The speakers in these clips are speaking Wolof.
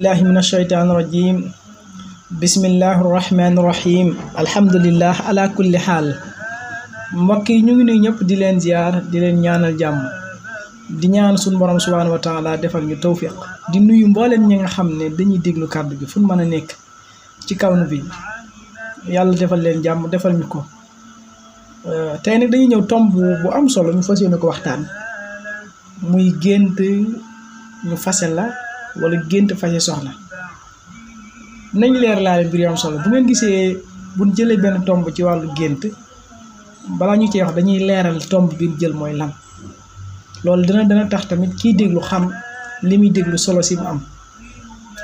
الله من الشيطان الرجيم بسم الله الرحمن الرحيم الحمد لله على كل حال مكي نيغي ني نيب دي لين زيار دي لين نيانال جام دي نيان سون بروم سبحانه وتعالى ديفال ني توفيق دي نوي مبولم نيغا خامني داني ديغلو كارد بي فون مانا نيك تي كاونو بي يالا ديفال لين جام ديفال نيكو تاي نك داني نيو تومب بو ام سولو ني فاسيه نكو وقتان موي گنت ني فاسيل لا wala gént faje soxna nañ leer laale mbir yu am solo bu ngeen gisee buñ jëlee benn tomb ci wàllu gént balaa ñu cee wax dañuy leeral tomb bi jël mooy lan loolu dana dana tax tamit kiy déglu xam li muy déglu solo si mu am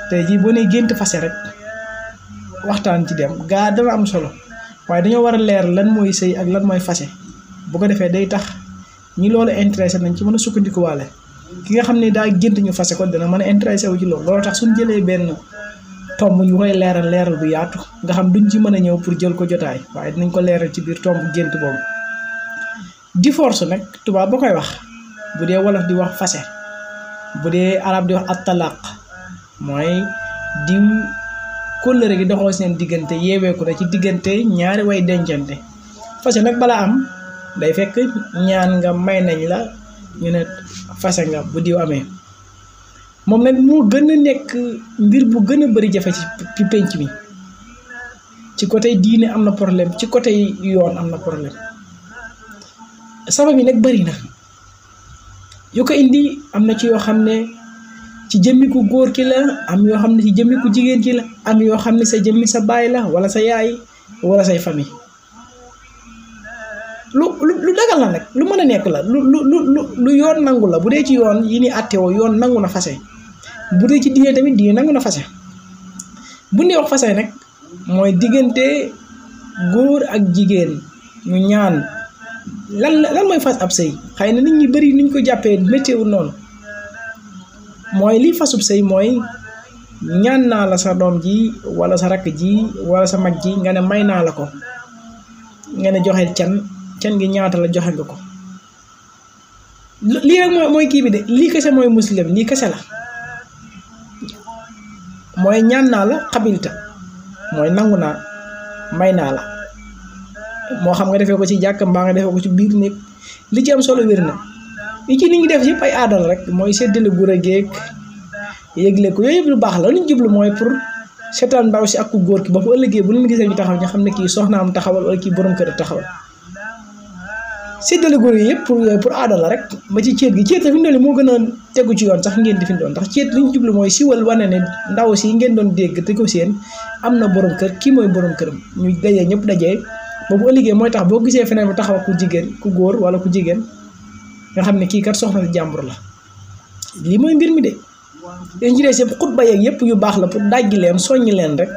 te jii boo ne gént fase rek waxtaan ci dem gaa dana am solo waaye dañoo war a leer lan mooy sëy ak lan mooy fase bu ko defee day tax ñi loolu intéressé nañ ci mën a sukkandikuwaale ki nga xam ne daa gént ñu fase ko dana mën a intéressé wu ci loolu loolu tax suñ jëlee benn tomb ñu koy leeral leeral bu yaatu nga xam duñ ci mën a ñëw pour jël ko jotaay waaye dinañ ko leeral ci biir tomb gént boobu divorce nag tubaab ba koy wax bu dee wolof di wax fase bu dee arab di wax attalaq mooy diw kóllëre gi doxoo seen diggante yeeweeku na ci diggante ñaari way dencante fase nag balaa am day fekk ñaan nga may nañ la ñu ne fase nga bu diw amee moom nag moo gën a nekk mbir bu gën a bari jafe ci penc mi ci côté diine am na problème ci côté yoon am na problème sabab yi nag bëri na yu ko indi am na ci yoo xam ne ci jëmmi ku góor ki la am yoo xam ne ci jëmmi ku jigéen ki la am yoo xam ne sa jëmmi sa baay la wala sa yaay wala say famille lu lu lu dagal la nag lu mën a nekk la lu lu lu lu yoon nangu la bu dee ci yoon yi ni àttewoo yoon nangu na fase bu dee ci diine tamit diine nangu na fase bu ñu wax fase nag mooy diggante góor ak jigéen ñu ñaan lan fas ab sëy xëy na nit ñi bëri niñ ko jàppee méttiwul noonu mooy lii fasub sëy mooy ñaan naa la sa doom ji wala sa rakk ji wala sa mag ji nga ne may naa la ko nga ne joxeel can can gi ñaata la joxe nga ko lii rek mooy kii bi de lii kese mooy muslim lii kese la mooy ñaan naa la xabilta mooy nangu naa may naa la moo xam nga defee ko ci jàkk mbaa nga defee ko ci biir néeg li ci am solo wér na li ci nit ñi def yëpp ay aadal rek mooy séddale gura géeg yëgle ko yooyu yëpp lu baax la lu ñu mooy pour seetaan ndaw si ak góor ki ba bu ëllëgee bu leen gisee ñu taxaw ñu xam ne kii soxnaam taxawal wala kii borom kër taxawal séddale gone eh, yépp pour eh, pour aada rek ba ci ceet gi ceet fi mu moo gën a tegu ci yoon sax ngeen di fi doon ndax ceet li ñu jublu mooy siwal wane ne ndaw si ngeen doon dégg te ko seen am na borom kër kii mooy borom këram ñu dajee ñëpp dajee boobu ëllëgee mooy tax boo gisee feneen bu taxaw ku jigéen ku góor wala ku jigéen nga xam ne kii kat soxna si jàmbur la lii mooy mbir mi de dañ ci des yëpp xutba yeeg yu ya, baax la pour dajji leen soññi leen rek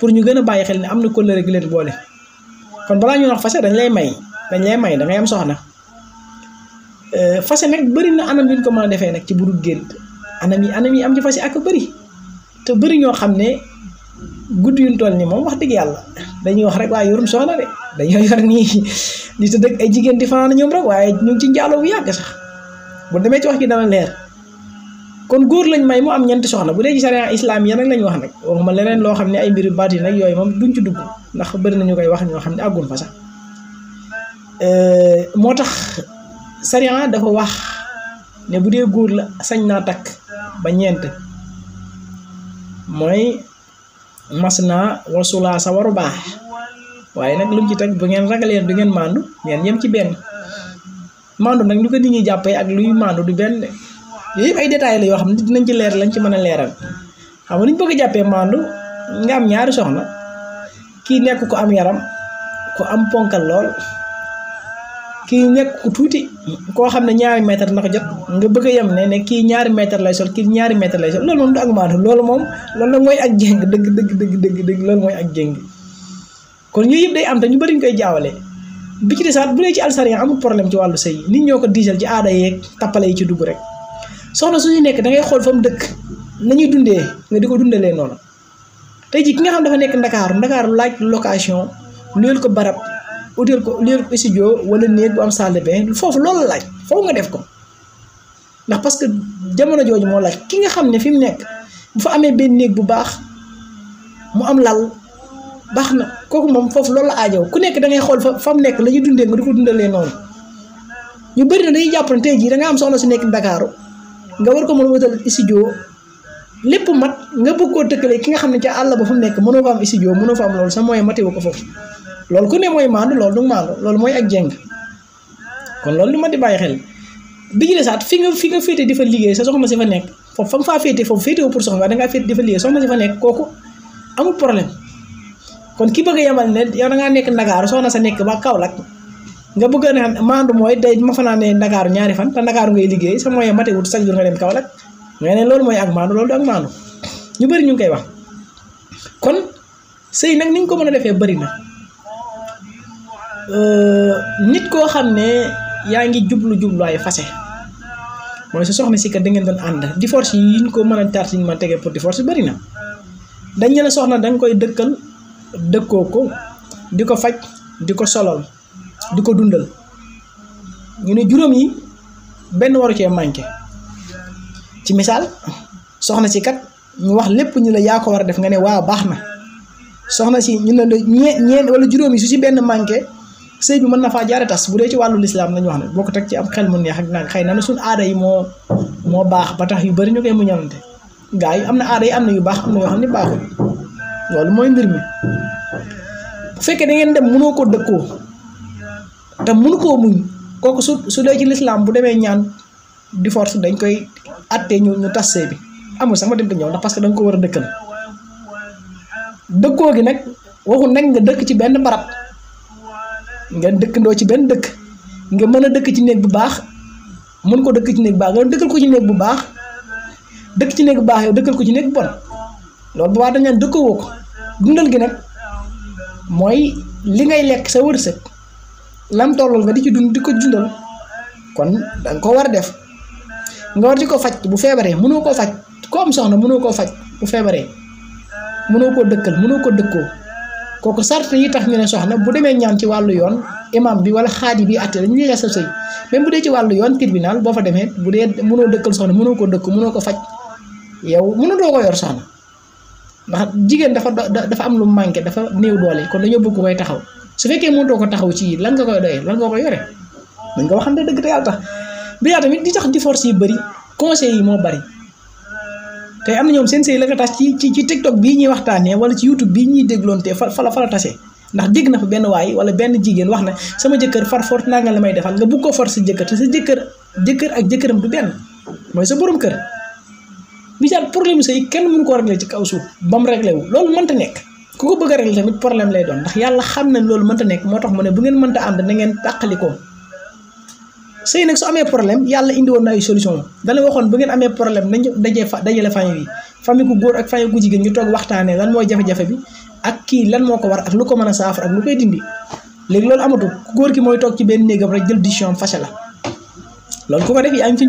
pour ñu gën a bàyyi xel ne am na kóllëre gi leen boole kon balaa ñu wax fase dañ lay may dañ lay may da am soxna euh, fase nag bëri na anam yu nu ko mën a defee nag ci bu dul gént anam yi anam yi am ci fase ak bëri te bëri ñoo xam ne gudd yu ñu toll moom wax dëgg yàlla dañuy wax rek waaye yorum soxna de dañoo yor nii di tëdd ak ay jigéen di fanaan ñoom rek waaye ñu ngi ci njaaloo bu yàgg sax bu demee ci wax gi dana leer kon góor lañ may mu am ñeenti soxna bu dee ci sariya islam yi nag lañ wax nag waxuma leneen loo xam ne ay mbiru baat yi nag yooyu moom ndax bëri nañu koy wax ñoo xam ne àggul fa Euh, moo tax sariya dafa wax ne bu goor la sañ na tak ba ñent moy masna wa wasulaa sa waru baax waaye nag lu ci tak bu ngeen ragalee du ngeen mandu ngeen yem ci ben mandu nak ñu ko nit ñi jàppee ak luy mandu du ben yi ay détails la yoo xam ne dinañ ci leer lañ ci mëna leeral xam nga ñu bëgg jappé mandu nga am ñaari soxna ki nekk ko am yaram ku am ponkal lol kii nekk ku tuuti koo xam ne ñaari mètre na ko jot nga bëgg a yem ne ne kii ñaari mètre lay sol kii ñaari mètre lay sol loolu moom du ak maandu loolu moom loolu la mooy ak jéng dëgg dëgg dëgg dëgg dëgg loolu mooy ak jéng kon yooyu yëpp day am te ñu bëri ñu koy jaawale bi ci desaat bu dee ci alsariya amul problème ci wàllu sëy nit ñoo ko diisal ci aada yeeg tappale yi ci dugg rek soxna suñu nekk da ngay xool fa mu dëkk nañuy dundee nga di ko dundalee noonu tey ji ki nga xam dafa nekk ndakaaru ndakaaru laaj location luyel ko barab utal ko lieu studio wala néeg bu am salle de foofu loolu la laaj foofu nga def ko ndax parce que jamono jooju moo laaj ki nga xam ne fi mu nekk bu fa amee benn néeg bu baax mu am lal baax na kooku moom foofu loolu la aajow ku nekk da xool fa fa mu nekk la ñuy dundee nga di ko dundalee noonu ñu bëri na dañuy jàpp ne tey jii da nga am soxla si nekk Ndakaaru nga war ko mën a utal studio lépp mat nga bëgg koo tëkkalee ki nga xam ne ca àll ba fu mu nekk mënoo fa am studio mënoo fa am loolu sa moyen matewu ko foofu loolu ku ne mooy maandu loolu du loolu mooy ak jeng kon loolu lu ma di bàyyi xel bi ñu desaat fi nga fi nga féete dafa liggéey sa soxna si fa nekk foofu fa nga faa féete foofu féete wu pour soxna waaye da ngaa kon ki bëgg yemal ne yow da ngaa nekk Ndakaaru soxna sa nekk ba Kaolack nga bëgg a ne maandu mooy day ma fanaanee Ndakaaru ñaari fan te Ndakaaru ngay liggéey sa moyen mate wut sax nga dem Kaolack nga ne loolu mooy ak maandu loolu du ak maandu ñu bëri ñu ngi koy wax kon sëy nag ni ñu ko mën a defee bari na Eh, nit koo xam ne yaa ngi jublu jublu ay fase mooy sa soxna si ka da ngeen doon ànd divorce yi ñu ko mën a taar ñu ma tegee pour divorce bari na dañ ne la soxna da nga koy dëkkal dëkkoo ko di ko faj di ko solol di ko dundal ñu ne juróom yi benn waru cee manqué ci misaal soxna si kat ñu wax lépp ñu la yaa ko war a def nga ne waaw baax na soxna si ñu ne la ñee ñeen wala juróom yi su si benn manqué sëy bi mën na faa jaare tas bu dee ci wàllu lislaam lañu wax ne boo ko teg ci am xel mu neex ak nag xëy na ne suñ aada yi moo moo baax ba tax yu bëri ñu koy muñalante gaa yi am na aada am na yu baax am na yoo xam ne baaxul mooy mbir mi bu fekkee da ngeen dem mënoo ko dëkkoo te mënu koo muñ kooku su su dee ci lislaam bu demee ñaan di force dañ koy attee ñu ñu tas sëy bi amul sax ma dem ñëw ndax parce que da ko war a dëkkal gi nag waxu nekk nga dëkk ci benn barab ngeen dëkkandoo ci benn dëkk nga mën a dëkk ci néeg bu baax mën ko dëkk ci néeg bu baax nga dëkkal ko ci néeg bu baax dëkk ci néeg bu baax yow dëkkal ko ci néeg bon loolu bu baax dañ naan ko dundal gi nag mooy li ngay lekk sa wërsëg lam tollal nga di ci dund di ko dundal kon danga ko war a def nga war di ko faj bu feebaree mënoo koo faj ko am soxna mënoo koo faj bu feebaree mënoo koo dëkkal mënoo ko dëkkoo koku sart yi tax ñu ne soxna bu deme ñaan ci walu yoon imam bi wala xaadi bi atte ñu yégal sa sey même bu dee ci walu yoon tribunal bo fa demee bu dee mëno dëkkal soxna mëno ko dëkk mëno ko fajj yow do ko yor soxna ndax jigen dafa dafa am lu manké dafa néew doole kon dañu bëgg koy taxaw su fekkee mëno ko taxaw ci lan nga koy doyee lan nga koy yoré dañ ko waxante dëgg te yalla tax bi yaa tamit di tax divorce yi bari conseil yi mo bari tay am ñoom seen sey la nga tas ci ci tiktok bi ñi waxtane wala ci youtube bi ñi deglonté fa la fa la tassé ndax dégg na fa benn way wala benn jigen waxna sama jëkkeur far fort na nga la may defal nga bu ko fort sa jëkkeur te sa jëkkeur jëkkër ak jëkkeuram du benn moy sa borom kër bi jaat problème sey kenn mënu ko réglé ci kaw suuf ba réglé wu mën ta nek ku ko bëgg réglé tamit problème lay doon ndax yalla xamna mën ta nek motax ne bu ngeen ta and na ngeen takaliko sey nak su amé problème yalla indi won na ay solution la waxone bu ngeen amé problème nañ dajé fa la fami bi fami ku góor ak fami ku jigen ñu tok waxtané lan moy jafé jafé bi ak ki lan moko war ak lu ko mëna a ak lu koy dindi léegi lool amatu ku góor ki moy tok ci ben négam rek jël décision am la lool ku ko def yi am ci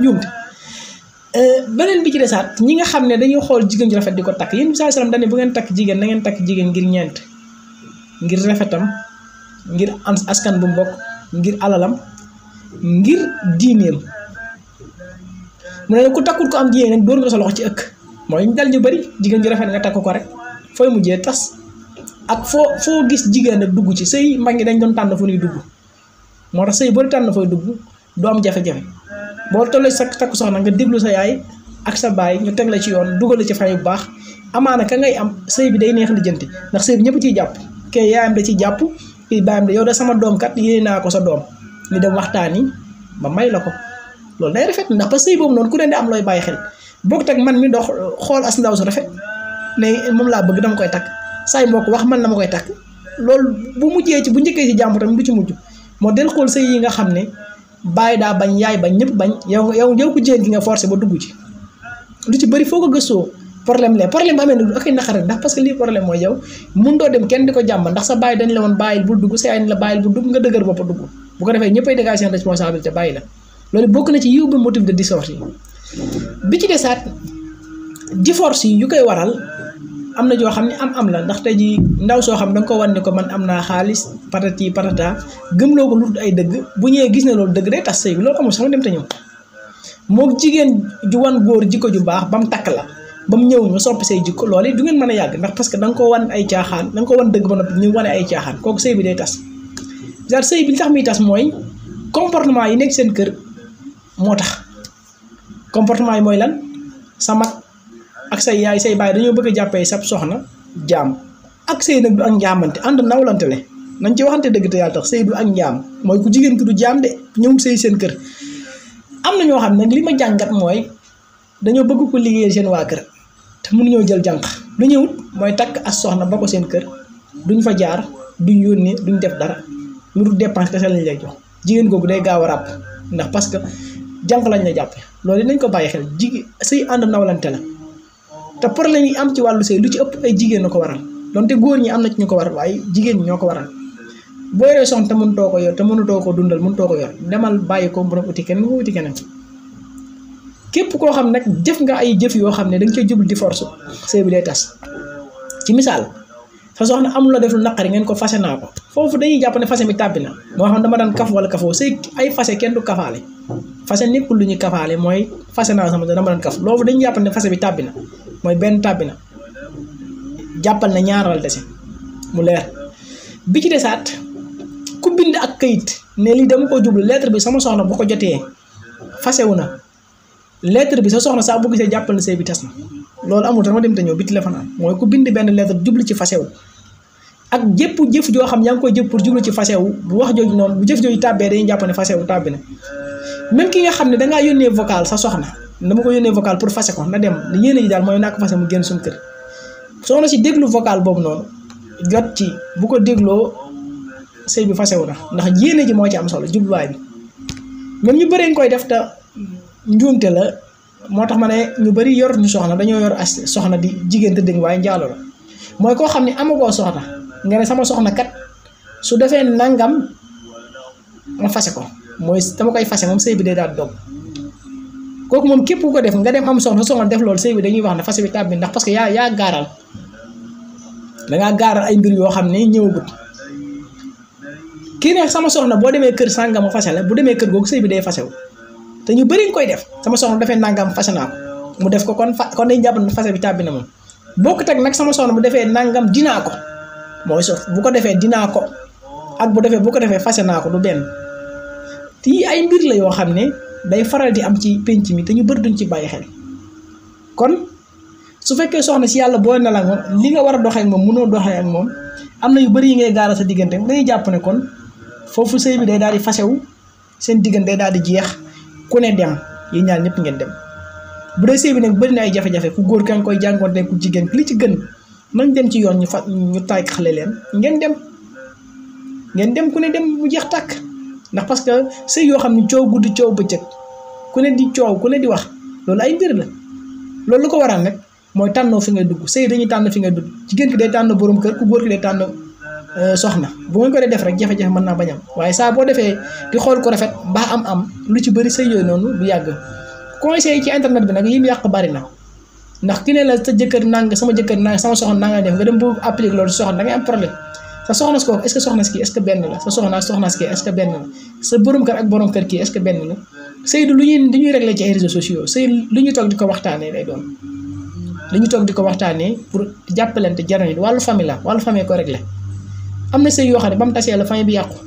euh benen bi ci dessat ñi nga xamné ne dañuy xool ju rafet diko tak yeen musa sallam bu ngeen tak jigen na ngeen tak jigen ngir ñent ngir rafetam ngir askan bu mbok ngir alalam ngir diineem mu ku takkul ko am diine nag dóor nga sa loxo ci ëkk mooy ñu dal ñu bari jigéen ju rafet nga takk ko rek fooy mujjee tas ak foo foo gis jigéen ak dugg ci sëy mag ñi dañ doon tànn fu ñuy dugg moo tax sëy boo tànn fooy dugg doo am jafe-jafe boo tollee sa takku soxna nga déglu sa yaay ak sa baay ñu teg la ci yoon dugal ci fay bu baax amaana ka ngay am sëy bi day neex lijjanti ndax sëy bi ñëpp ciy jàpp kee yaayam da ciy jàpp kii baayam da yow sama doom kat naa ko sa doom ñu dem waxtaani ba may la ko loolu day rafet ndax ba sëy boobu noonu ku ne di am looy bàyyi xel bokkut teg man mi dox xool as ndaw su rafet ne moom laa bëgg dama koy takk say mbokk wax man dama koy takk loolu bu ci bu njëkkee ci jàmm tamit du ci mujj moo del xool yi nga xam ne bàyyi daa bañ yaay bañ ñëpp bañ yow yow yow ko jigéen gi ci lu ci bëri foo ko gëstoo problème lee problème ndax parce que lii problème mooy yow mun doo dem kenn di sa bàyyi dañ la woon bàyyil bul dugg sa yaay bul dugg nga dëgër bopp dugg bu ko defee ñëppay dégager seen responsabilité bàyyi la loolu bokk na ci yiw ba motif de divorce yi bi ci desaat divorce yi yu koy waral am na joo xam ne am am la ndaxte tey ji ndaw soo xam da nga ko wan ne ko man am naa xaalis patati patata gëmloo ko lu ay dëgg bu ñëwee gis na loolu dëgg day tas sëy bi loolu amul sax dem te ñëw moom jigéen ju wan góor jikko ju baax ba mu takk la ba mu ñëw nga soppi say jikko loolu du ngeen mën a yàgg ndax parce que da nga ko wan ay caaxaan da nga ko dëgg ba noppi genre sëy bi li tax muy tas mooy comportement yi nekk seen kër moo tax comportement yi mooy lan sa mat ak say yaay say baay dañoo bëgg a jàppee sab soxna jaam ak sëy nag ànd nawlante le nañ ci waxante dëgg te yàlla tax ak njaam mooy ku jigéen ki du jaam de ñëwul sëy seen kër am na ñoo xam ne li ma jàngat mooy dañoo bëgg ko liggéeyal seen waa kër te mun mënuñoo jël jànq lu ñëwut mooy takk as soxna ba ko seen kër duñ fa jaar duñ yónnee duñ def dara lu dul dépense kese lañ lay jox jigéen googu day gaaw a ràpp ndax parce que jànq lañ la jàppe loolu nañ ko bàyyi xel jigéen si ànd nawlante la te problème yi am ci wàllu sëy lu ci ëpp ay jigéen na ko waral donte góor ñi am na ci ñu ko waral waaye jigéen ñoo ko waral boo yoree soxna te mënutoo ko yor te mënutoo ko dundal mënutoo ko yor demal bàyyi ko borom uti keneen nga uti keneen képp koo xam nag jëf nga ay jëf yoo xam ne dañ nga cee jublu di force sëy bi day tas ci misaal sa soxna amul la def lu naqari ngeen ko fase naa ko foofu dañuy jàpp ne fase mi tàbbi na moo xam dama daan kaf wala kafoo say ay fase kenn du kafaale fase ñuy kafaale mooy fase naa sama dama daan kaf loolu dañuy jàpp ne fase bi tàbbi na mooy benn tàbbi na na ñaaral mu leer bi ci desaat ku ak kayit ne lii dama ko jublu lettre bi sama soxna bu ko jotee fasewu na lettre bi sa soxna saa bu gisee jàppal na sëy bi tas na loolu amul dama dem te ñëw bi la fanaan mooy ku bind benn lettre jublu ci fasewu ak jëpp jëf joo xam yaa ngi koy jëf pour jublu ci fasewu bu wax jooju noonu bu jëf jooju tàbbee dañuy jàpp ne fasewu tàbbi na même ki nga xam ne dangaa yónnee vocal sa soxna dama ko yónnee vocal pour fase ko na dem yéene ji daal mooy naa ko fase mu génn suñu kër si déglu vocal boobu noonu jot ci bu ko dégloo sëy bi fasewu ndax yéene ji moo ci am solo jubluwaay bi ñu bëri nga koy def te njuumte la moo tax ma ne ñu bëri yor soxna dañoo yor as soxna di jigéen tëddëng waaye njaalo la mooy koo xam ne amagoo soxna nga ne sama soxna kat su defee nangam ma fase ko mooy dama koy fase moom sëy bi day daal dog kooku moom képp ku ko def nga dem am soxna soxna def loolu sëy dañuy wax ne fase bi tàbbi ndax parce yaa yaa gaaral ay mbir yoo xam ne ñëwagut kii ne sama soxna boo demee kër sàngam ma fase la bu demee kër googu sëy bi day fasewu te ñu bëri koy def sama soxna defee nangam fase naa ko mu def ko kon fa kon dañu jàpp fase bi tàbbi na moom bokkut teg nag sama soxna bu defee nangam dinaa ko mooy sof bu ko defee dinaa ko ak bu defee bu ko defee fase naa ko du benn tii ay mbir la yoo xam ne day faral di am ci pénc mi te ñu bëri duñ ci bàyyi xel kon su fekkee soxna si yàlla booy na li nga war a doxee ak moom mënoo doxee ak moom am na yu bëri yi ngay gaaral sa diggante dañuy jàpp ne kon foofu sëy bi day daal di fasewu seen diggante day daal di jeex ku ne dem yi ñaar ñëpp ngeen dem bu dee sëy bi nag bëri na ay jafe-jafe ku góor kan koy jàngoonte ku jigéen li ci gën nañ dem ci yoon ñu fa ñu tay xalé leen ngeen dem ngeen dem ku ne dem bu jeex tak ndax parce que sey yo xamni ciow gudd ciow coow ku ne di ciow ku ne di wax loolu ay mbir la loolu ko waral nak moy tanno fi ngay dugg sey dañuy tànn fi ngay dugg ci jigéen ki day tànn borom kër ku goor ki day tànn euh, soxna bu ngeen ko def rek jafé jafé mën naa bañ am waaye saa boo di xol ko rafet ba am am lu ci bari sey yo nonu du yagg conseil ci internet bi nak yim mu bari na ndax ki ne la sa jëkkër nang sama jëkkër nang sama soxna nanga def nga dem bu appliqué loolu soxna da ngay am problème sa soxna si kooku est ce que soxna si kii est ce que benn la sa soxna soxna si kii est ce que benn la sa borom kër ak borom kër kii est ce que benn la sëy du lu ñuy lu ñuy réglé ci ay réseaux sociaux sëy lu ñuy toog di ko waxtaanee lay doon lu ñuy toog di ko waxtaanee pour jàppalante jarani wàllu famille la wàllu famille ko réglé am na sëy yoo xam ne ba mu tasee la famille bi yàqu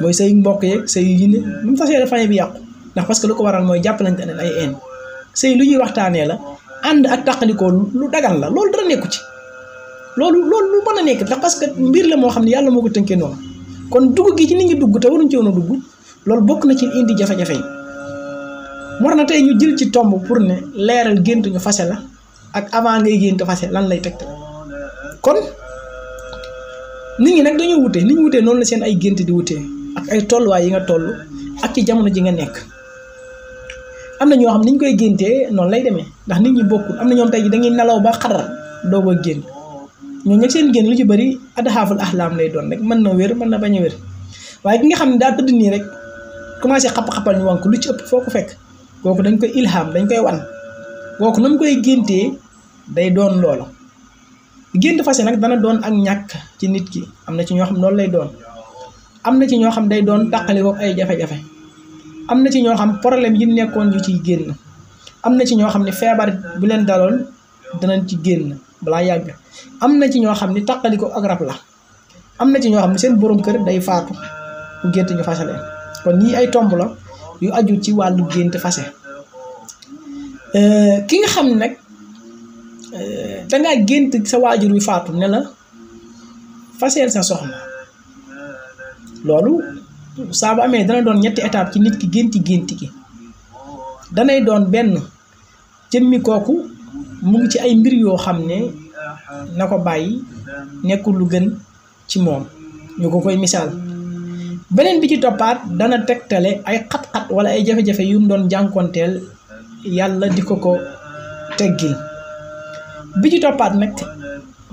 mooy sëy mbokk yeeg sëy yi ne ba mu tasee la famille bi yàqu ndax parce que lu ko waral mooy jàppalante ne ay een sëy lu ñuy waxtaanee la ànd ak tàqalikoo lu dagan la loolu dara nekku ci loolu loolu lu mën a nekk ndax parce que mbir la moo xam ne yàlla moo ko tënkee noonu kon dugg gi ci nit ngi dugg te waruñ ci woon a dugg loolu bokk na ci indi jafe-jafe yi war na tey ñu jël ci tomb pour ne leeral gént ñu fase la ak avant ngay gént fase lan lay tegtal kon nit ñi nag dañoo wutee nit ñu wutee noonu la seen ay gént di wutee ak ay tolluwaay yi nga toll ak ci jamono ji nga nekk am na ñoo xam ni ñu koy géntee noonu lay demee ndax nit ñi bokkul am na ñoom tey ji dañuy nelaw ba xaral doog a génn ñoo ñeg seen génn lu ci bëri adxaaful axlaam lay doon rek mën na wér mën na bañ a wér waaye ki nga xam ne daa tëdd nii rek commencé xap xappal ñu wànk lu ci ëpp foo fekk kooku dañ koy ilham dañ koy wan kooku na koy géntee day doon loola gént fase nag dana doon ak ñàkk ci nit ki am na ci ñoo xam loolu lay doon am na ci ñoo xam day doon tàqalikoo ay jafe am na ci ñoo xam problème yi nekkoon ñu ciy génn am na ci ñoo xam ne feebar bu leen daloon danañ ci génn balaa yàgg am na ci ñoo xam ni taqaliko ak rab la am na ci ñoo xam ne seen boroom kër day faatu bu ñu fase leen kon ñii ay tomb la yu aju ci wàllu gént fase euh, ki nga xam ne nag euh, dangaa gént sa waajur wi faatu ne la faseel sa soxla loolu saa bu amee dana doon ñetti étape ci nit ki génti gént gi danay doon benn jëmmi kooku mu ngi ci ay mbir yoo xam ne na ko bàyyi nekkul lu gën ci moom ñu ko koy misaal beneen bi ci toppaat dana tegtale ay xat-xat wala ay jafe-jafe yu mu doon jànkoonteel yàlla di ko ko teg teggil bi ci toppaat nag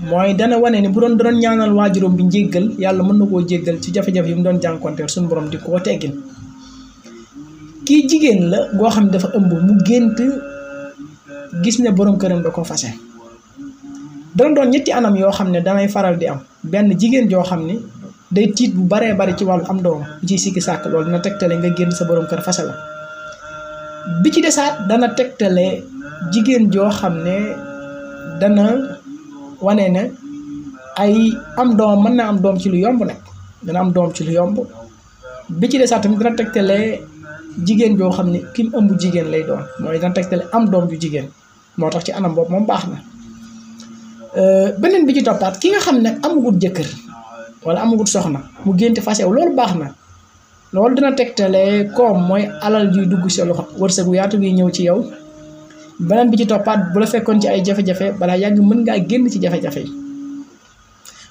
mooy dana wane ni bu doon doon ñaanal waajuram bi njéggal yàlla mën na koo jéggal ci jafe-jafe yi mu doon jànkonteel suñu borom di koo teggin kii jigéen la goo xam ne dafa ëmb mu gént gis ne borom këram da ko fase dana ñetti anam yoo xam ne danay faral di am benn jigéen joo xam ne day tiit bu baree bari ci wàllu am doom ci sikki sàkk loolu dina tegtale nga génn sa borom kër fase la bi ci desaat dana tegtale jigéen joo xam ne dana wane ne ay am doom mën naa am doom ci lu yomb nag dana am doom ci lu yomb bi ci de desaat tamit dana tegtale jigéen joo xam ne kim ëmb jigéen lay doon mooy dana tegtale am doom ju jigéen moo tax ci anam boobu moom baax na euh, beneen bi ci toppaat ki nga xam ne amagut jëkkër wala amagut soxna mu génte fas yow loolu baax na loolu dina tegtale koom mooy alal juy dugg sa loxo wërsëgu yaatu gi ñëw ci yow beneen bi ci toppaat bu la fekkoon ci ay jafe-jafe balaa yàgg mën ngaa génn ci jafe-jafe yi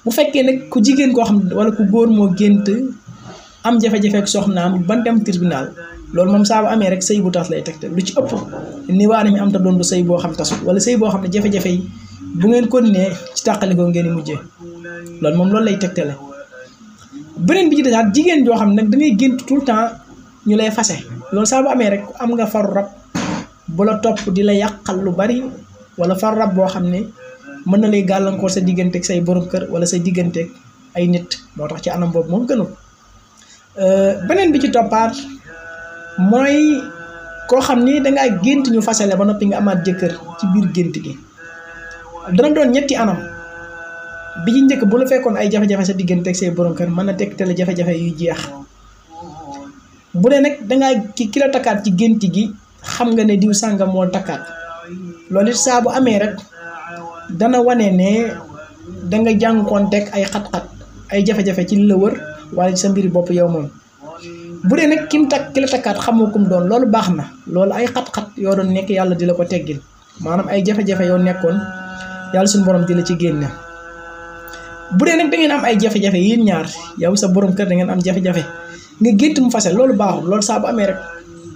bu fekkee nag ku jigéen koo xam wala ku góor moo gént am jafe-jafe ak soxnaam ban dem tribunal loolu moom saa bu amee rek sëy bu tas lay tegte lu ci ëpp ni waane am ta doon du boo xam tasu wala sëy boo xam ne jafe-jafe yi bu ngeen ko nee ci tàqalikoo ngeen di mujjee loolu moom loolu lay tegtale beneen bi ci desaat jigéen joo xam ne nag da ngay gént ñu lay fase loolu saa bu amee rek am nga faru rab bu la di la yakal lu bari wala far rab mana xam ne mën na lay gàllankoor sa digganteeg say borom kër wala sa digganteeg ay nit motax ci anam boobu moom euh benen bi ci topar moy ko xamni da nga gënt ñu fasale ba nopi nga amaat jëkër ci biir gënt gi dana doon ñetti anam bi ci njëkk bu la fekkon ay jafé jafé sa digganteeg say borom kër mën na tegtale jafé jafé yu jeex bu dee nak da nga ki la takkat ci gënt gi xam nga ne diw sàngam mo takkaat loolu sa bu amee rek dana wane ne danga jànkonteeg ay xat-xat ay jafe-jafe ci li la wër wala ci sa mbiri bopp yow moom bu dee nag kim tak ki la takkaat xamoo kum doon loolu baax na loolu ay xat-xat yoo doon nekk yàlla di la ko teggil maanaam ay jafe-jafe yoo nekkoon yàlla suñu borom di la ci génne bu dee nag da ngeen am ay jafe-jafe yéen ñaar yow sa borom kër da ngeen am jafe-jafe nga gént mu fase loolu baaxul loolu saa bu amee rek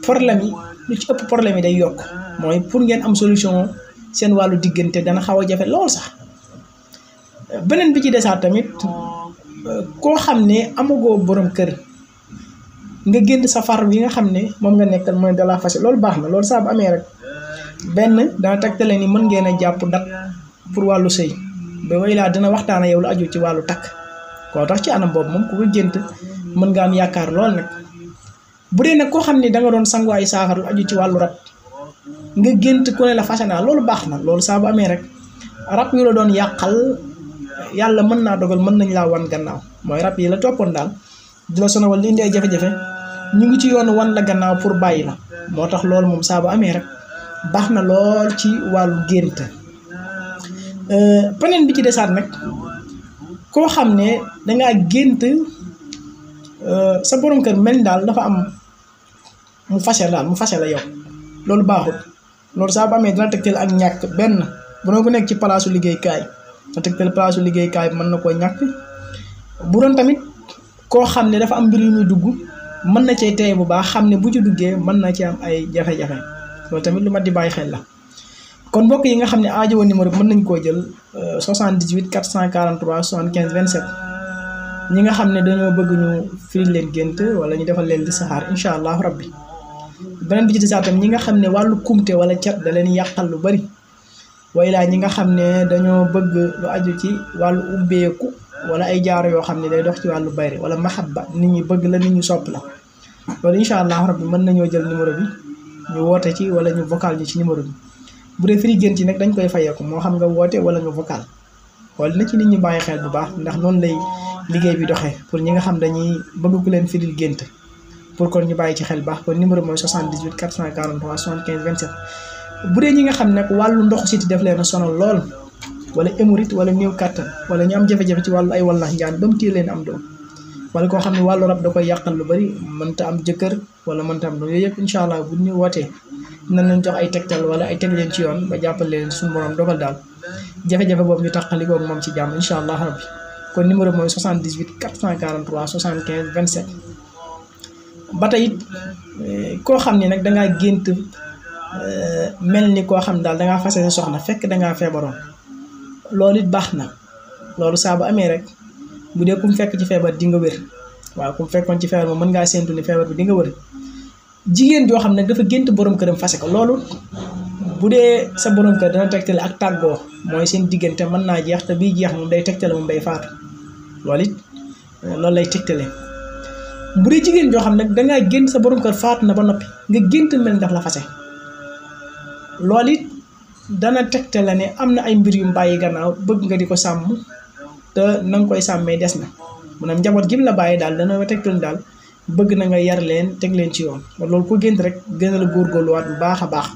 problème yi lu ci ëpp problème yi day yokk ah. mooy pour ngeen am solution seen wàllu diggante dana xaw a jafe lool sax beneen bi ci desaat tamit oh. koo xam ne amagoo borom kër nga génn sa far bi nga xam ne moom nga nekkal mooy de la fase loolu baax na loolu saa bu amee rek benn dana tegtale ni mën ngeen a jàpp dat pour wàllu sëy ba way laa dina waxtaan ak yow lu aju ci wàllu takk koo tax ci anam boobu moom ku ko gént mën nga am yaakaar lool nag bu dee nag koo xam ne danga doon sangu sanguwaayu saafara lu aju ci wàllu rab nga gént ku ne la fase naa loolu baax na loolu saabu amee rek rab yu la doon yàqal yàlla mën naa dogal mën nañ laa wan gannaaw mooy rab yi la toppoon daal di la sonal wala indi ay jafe ñu ngi ci yoon wan la gannaaw pour bàyyi la moo tax loolu moom saa amee rek baax na lool ci wàllu gént euh, beneen bi ci desaat nag koo xam ne danga gént euh, sa borom kër mel daal dafa am mu fase la mu fase la yow lolou baxul lolou sa ba me dina tektel ak ñak ben bu no ko nek ci placeu liggey kay na tektel placeu liggey kay man nako ñak bu doon tamit ko xamne dafa am mbir yu muy dugg man na cee tey bu ba xamne bu ci duggee man na ci am ay jafé jafé lo tamit lu ma di bay xel la kon bokk yi nga xamne ne aajowoo numéro man nañ ko jël 78 443 75 27 ñi nga xamne dañu bëgg ñu fi leen gënte wala ñu defal leen di sahar inshallah rabbi beneen bi ci des itam ñi nga xam ne wàllu kumte wala cat da leen yàqal lu bari way ñi nga xam ne dañoo bëgg lu aju ci wàllu ubbeeku wala ay jaaro yoo xam ne day dox ci wàllu bayre wala mahabba nit ñi bëgg la nit ñi sopp la loolu incha allah rabbi mën nañoo jël numéro bi ñu woote ci wala ñu vocal ñu ci numéro bi bu dee firi gént yi nag dañ koy fayeeku moo xam nga woote wala ñu vocal wala na ci nit ñi bàyyi xel bu baax ndax noonu lay liggéey bi doxee pour ñi nga xam dañuy bëgg ku leen firil pour kon ñu bàyyi ci xel baax kon numéro mooy 78 443 75 27 bu dee ñi nga xam ne wàllu ndoxu siti def leen sono lool wala émorite wala néew kàttan wala ñu am jafe-jafe ci wàllu ay walla njaan ba mu téye leen am doom wala koo xam ne wàllu rab da koy yàqal lu bari mënta am jëkkër wala mënta am doom yooyu yëpp incha allah bu ñu wootee na leen jox ay tegtal wala ay teg ci yoon ba jàppal leen suñu borom dogal daal jafe-jafe boobu ñu taqali koog moom ci jàmm incha allah rabbi kon numéro mooy 78 443 75 27 batay eh, ko xamni nak da nga gënt euh melni mel ni ko ham daal fassé fase sa soxna fekk da nga loolu it baax na loolu saa bu amee rek bu dé kum fekk ci feebar di nga wër waaw kum fekkon ci feebar mo mën nga ni bi di nga wër jigen jo xamne dafa gënt borom kërëm fase ko loolu bu dé sa borom kër dana tektel ak tàggoo moy seen digënté mën na jeex té bi jeex mo day tektel mo day faatu lolit eh, lolay tektelé bu dee jigéen joo xam nag dangaa gént sa boroom kër faatu na ba noppi nga gént mel daf la fase loolu it dana tegte la ne am na ay mbir yu mu bàyyi gannaaw bëgg nga di ko sàmm te na koy sàmmee des na maanaam njaboot gi la bàyyi daal dana tegtal daal bëgg na nga yar leen teg leen ci yoon loolu ko gént rek gën a la góorgóorluwaat bu baax a baax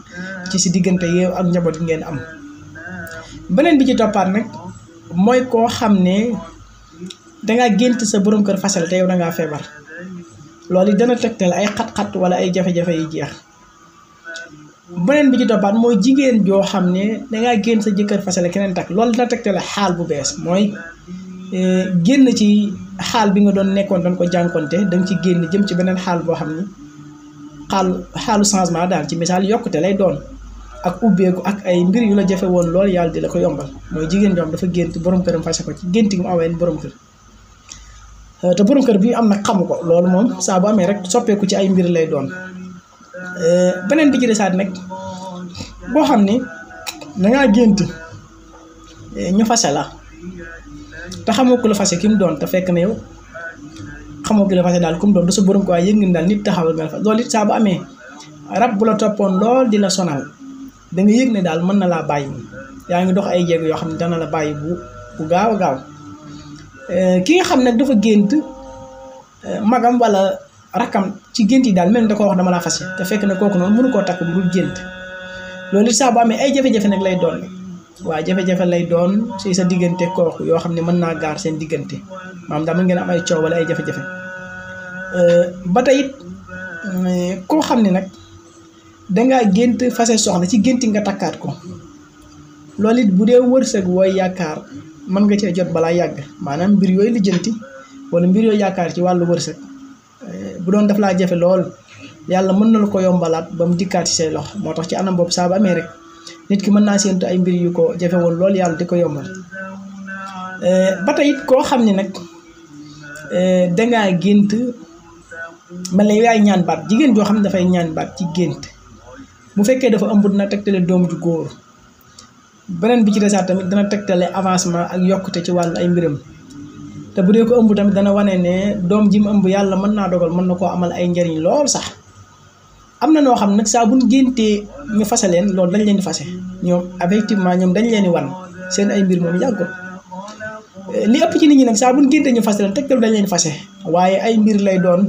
ci si diggante yow ak njaboot gi ngeen am beneen bi ci toppaat nag mooy koo xam ne dangaa gént sa borom kër fasal te yow dangaa feebar loolu dana tegtal ay xat-xat wala ay jafe-jafe yi jeex beneen bi ci toppaat mooy jigéen joo xam ne dangaa génn sa jëkkër fasale keneen takk loolu dana la xaal bu bees mooy e, génn ci xaal bi nga doon nekkoon doon ko jànkonte da ci génn jëm ci beneen xaal boo xam ne xaal xaalu changement daan ci misaal yokkute lay doon ak ubbeeku ak ay mbir yu la jafe woon lool yàlla di la ko yombal mooy jigéen joo xam dafa gént borom këram fase ko ci gént gi mu aween borom kër Euh, te borom kër bii am na xamu ko loolu moom saa bu amee rek soppeeku ci ay mbir lay doon euh, beneen bi ci desaat nag boo xam ni dangaa gént euh, ñu fase la te xamoo ku la fase ki mu doon te fekk na yow xamoo ku la fase daal ku doon da sa borom ko waaye yëg ngeen daal nit taxaw nga fa loolu it saa bu amee rab bu la toppoon lool di la sonal danga nga yëg ne daal mën na laa bàyyi yaa ngi dox ay jéego yoo xam ne dana la bàyyi bu bu gaaw a gaaw Euh, ki nga xam nag dafa gént euh, magam wala rakam ci gént yi daal mel ni da ko wax dama laa fas te fekk na kooku noonu mënu koo takk bu dul gént loolu saa bu amee ay jafe-jafe nag lay doon waa jafe-jafe lay doon si sa diggante kooku yoo xam ne mën naa gaar seen diggante maam daa mën ngeen am ay coow wala ay jafe-jafe euh, ba teyit it koo xam ne nag dangaa gént fase soxna ci génti nga takkaat ko loolu it bu dee wërsëg wooy yaakaar mën nga cee jot balaa yàgg maanaam mbir yooyu lijjanti wala mbir yooyu yaakaar ci wàllu wërsëg eh, bu doon daf laa jafe lool yàlla mën na la ko yombalaat ba mu dikkaat ci say lox moo tax ci anam boobu saa bu amee rek nit ki mën naa séentu ay mbir yu ko jafe woon lool yàlla di ko yombal eh, ba tey koo xam ni nag eh, dangaa gént man la yaay ñaan baat jigéen joo xam ne dafay ñaan baat ci gént bu fekkee dafa ëmbut na teg tegtale doom ju góor beneen bi ci desaat tamit dana tegtale avancement ak yokkute ci wàllu ay mbiram te bu dee ko ëmb tamit dana wane ne doom ji mu ëmb yàlla mën naa dogal mën na koo amal ay njariñ lool sax am na noo xam nag saa buñ géntee ñu fase leen loolu dañ leen di fase ñoom effectivement ñoom dañ leen di wan seen ay mbir moom yàggul li ëpp ci nit ñi nag saa buñ géntee ñu fase leen tegtal dañ leen di fase waaye ay mbir lay doon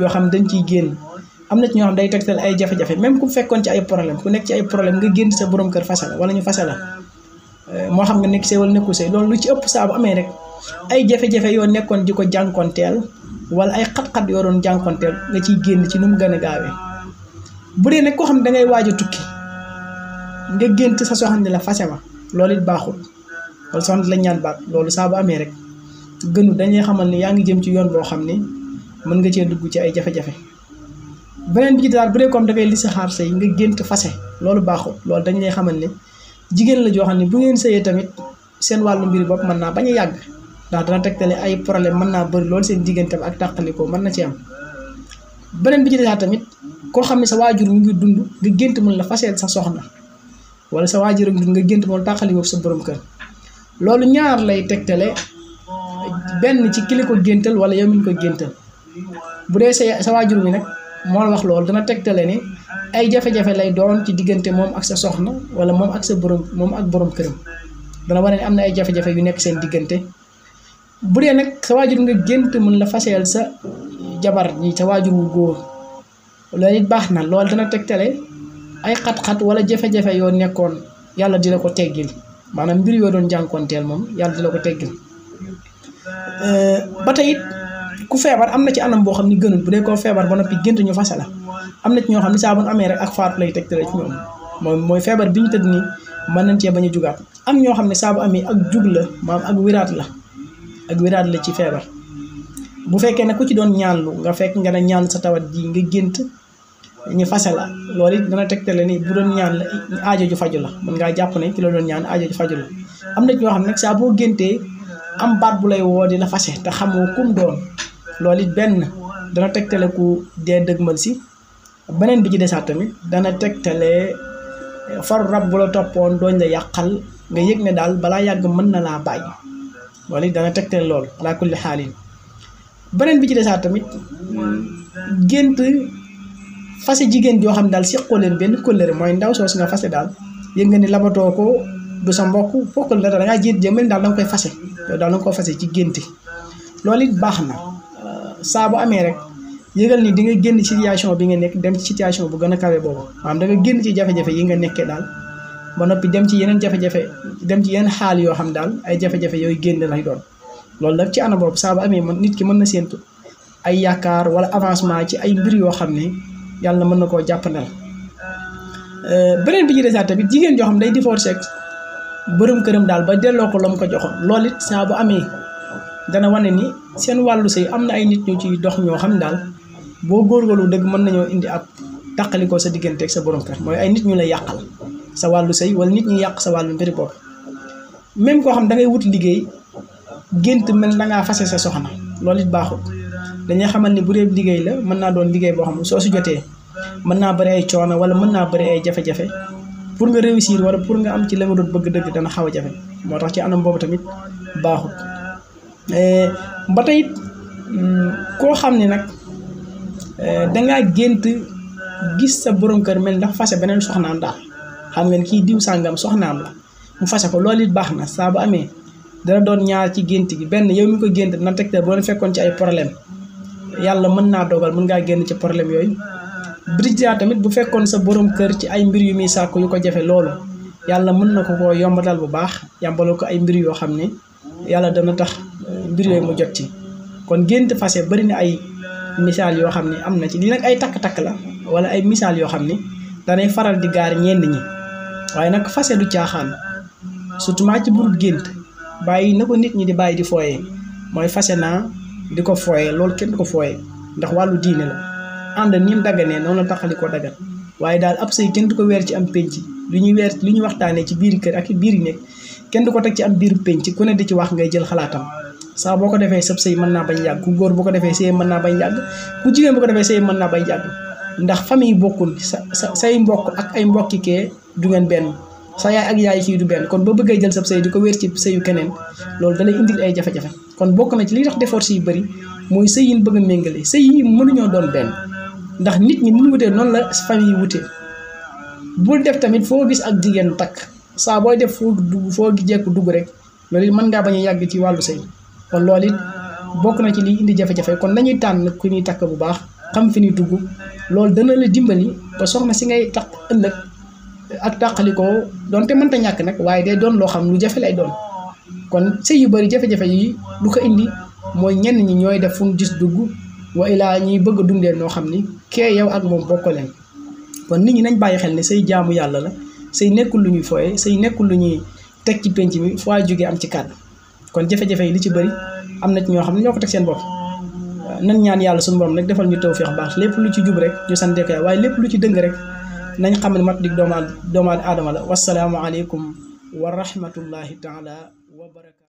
yoo xam dañ ciy génn am na ci ñoo xam day tegtal ay jafe-jafe même ku fekkoon ci ay problème ku nekk ci ay problème nga génn sa borom kër fase la wala ñu fase la Eh, moo xam nga nekk sëy wala nekkul sëy loolu lu ci ëpp saa bu amee rek ay jafe-jafe yoo nekkoon di ko jànkonteel wala ay xat-xat yoo doon jànkonteel nga ciy génn ci nu mu gën a gaawee bu dee nag koo xam ne da ngay waaj a sa soxna la ma loolu it baaxul wala soxna la ñaan baat loolu saa bu amee rek gënu dañuy xamal ne yaa ngi jëm ci yoon boo xam ne mën nga cee dugg ci ay jafe-jafe beneen bi ci daal bu dee comme da ngay listixaar sëy nga gént fase loolu baaxul loolu dañu lay xamal ni jigéen la joo xam ne bu ngeen sëyee tamit seen wàllu mbir bopp mën naa bañ a yàgg ndax dana tegtale ay problème mën naa bëri loolu seen digganteem ak tàqalikoo mën na ci am beneen bi ci desaat tamit koo xam ne sa waajur mu ngi dund nga gént mën la faseel sa soxna wala sa waajur mu nga gént mën la tàqalikoo sa borom kër loolu ñaar lay tegtale benn ci kili ko géntal wala yow ko géntal bu dee sa sa mi nag moo la wax loolu dana tegtale ni ay jafe-jafe lay doon ci diggante moom ak sa soxna wala moom ak sa borom moom ak borom këram dana wane ne am na ay jafe-jafe yu nekk seen diggante bu dee nag sa waajur nga gént mun la faseel sa jabar ñi sa waajur wu góor loolu it baax na loolu dana tegtale ay xat-xat wala jafe-jafe yoo nekkoon yàlla dina ko teggil maanaam mbir yoo doon jànkoonteel moom yàlla dina ko teggil euh, ba tey ku feebar amna ci anam bo xamni ni gënul bu dee koo feebar ba noppi gént ñu fase la ci ño xamni ni saa amé rek ak faatu lay tegtale ci ñoom moy moy feebar biñu tegg ni man nañ ci baña am ño xamni sabu bu ma ak jug la maam ak wirat la ak wirat la ci feebar bu fekkee nak ku ci doon ñaanlu nga fekk nga na ñaan sa tawat ji nga gént ñu fase la loolu it dana tegtale ni bu doon ñaan la aajo ju faju la mën nga japp ne ci la doon ñaan aajo ju faju la am ci ñoo xam ne am baat bu lay di la xamoo kum doon loolu ben, dana dana tele ku dee dëgmal si benen bi ci dessa tamit dana tele eh, far rab bu la toppoon dooñ la yakal nga yëg ne dal bala yag man na la bay loolu dana dana tele lol, ala kulli halin benen bi ci dessa tamit gent fase jigen jo xam dal seqoo len ben kóllëre moy ndaw sos nga fase dal, yëg nga ni ko du sa mbokk bokkul la da nga jitt jëmel dal dang koy fase yow daal ko fase ci genti, lolit baxna saa bu amee rek yëgal ni di nga génn situation bi nga nekk dem ci situation bu gën a kawe boobu maanaam da nga génn ci jafe-jafe yi nga nekkee daal ba noppi dem ci yeneen jafe-jafe dem ci yeneen xaal yoo xam daal ay jafe-jafe yooyu génn lay doon loolu nag ci anam boobu saabu amee man nit ki mën na séentu ay yaakaar wala avancement ci ay mbir yoo xam ne yàlla mën na koo jàppandal euh, beneen bi ci desaat tamit jigéen joo xam day divorcé ak borom këram daal ba delloo ko la mu ko joxoon loolu it saa bu amee. dana wane ni seen walu sey amna ay nit ñu ci dox ñoo xam bo gor golu deug mën nañu indi ab tàqalikoo sa digeentek sa borom kër moy ay nit ñu lay yakal sa walu sey wal nit ñu yak sa walu mbiri bop même ko xam da ngay wut liggey gént mel na nga fase sa soxna lolit baxu dañuy xamal ni bu dee liggéey la mën na doon liggey bo xam so su si mën naa ay choona wala mën na bari ay jafé jafé pour nga réussir wala pour nga am ci la nga doon bëgg dëgg dana xawa jafé motax ci anam bobu tamit baxu Eh, ba tey mm, koo xam ne nag eh, dangaa gént gis sa borom kër mel ndax fase beneen soxnaam daal xam ngeen kii diw sàngam soxnaam la mu fase ko loolu it baax na saa bu amee dana doon ñaar ci gént gi benn yow mi ko gént na tegtal boo leen fekkoon ci ay problème yàlla mën naa dogal mën ngaa génn ci problème yooyu brida tamit bu fekkoon sa borom kër ci ay mbir yu muy sàkku yu ko jafe loolu yàlla mën na ko koo yombatal bu baax yàmbaloo ko ay mbir yoo xam ne yàlla dana tax mbir yooyu mu jot ci kon gént fase bari na ay misaal yoo xam ne am na ci lii nag ay takk-takk la wala ay misaal yoo xam ne danay faral di gaar ñenn ñi waaye nag fase du caaxaan surtout maa ci burut gént bàyyi na ko nit ñi di bàyyi di fooyee mooy fase naa di ko fooyee loolu kenn du ko fooyee ndax wàllu diine la ànd ni mu daganee noonu la taxali ko dagan waaye daal ab sëy kenn du ko weer ci am penc lu ñuy weer lu ñuy waxtaanee ci biir kër ak biir yi kenn du ko teg ci am biiru penc ku ne di ci wax ngay jël xalaatam saa boko defé defee sey sëy mën naa bañ yag ku gor boko defé sey sëy mën naa bañ yag ku jigen boko defé sey sëy mën naa bañ yag ndax famille bokul say mbokk ak ay mbokki ke du ngeen ben sa yaay ak yaay ci du ben kon bo beugay jël sepp sey diko wër ci seyu kenen lolou da lay indil ay jafé jafé kon bokk na ci li tax divorce ci bari moy sey yi bëgg mengalé sey yi mënu ñoo doon ben ndax nit ñi mënu wuté non la famille wuté bul def tamit fo gis ak jigéen tak sa boy def fo gi jek dug rek lolou man nga bañ yag ci walu sey kon lool it bokk na ci liy indi jafe-jafe kon nañuy tànn ku ñuy takk bu baax xam fi ñuy dugg loolu dana la dimbali ba soxna si ngay takk ëllëg ak tàqalikoo doonte mënta ñàkk nag waaye day doon loo xam lu jafe lay doon kon sëy yu bari jafe-jafe yi lu ko indi mooy ñenn ñi ñooy def fu gis dugg wa ilaa ñuy bëgg dundee noo xam ni kee yow ak moom bokk leen kon nit ñi nañ bàyyi xel ne sëy jaamu yàlla la sëy nekkul lu ñuy fooye sëy nekkul lu ñuy teg ci penc mi foo jógee am ci kàddu kon jafe-jafe yi li ci bëri am na ñoo xam ne ñoo ko teg seen bopp nan ñaan yàlla suñu borom rek defal ñu tawfeex baax lépp lu ci jub rek ñu sante ko waaye lépp lu ci dëng rek nañ xam ne mat dig doomu aadama la wasalaamu aleykum wa rahmatullahi taala wa barakaatu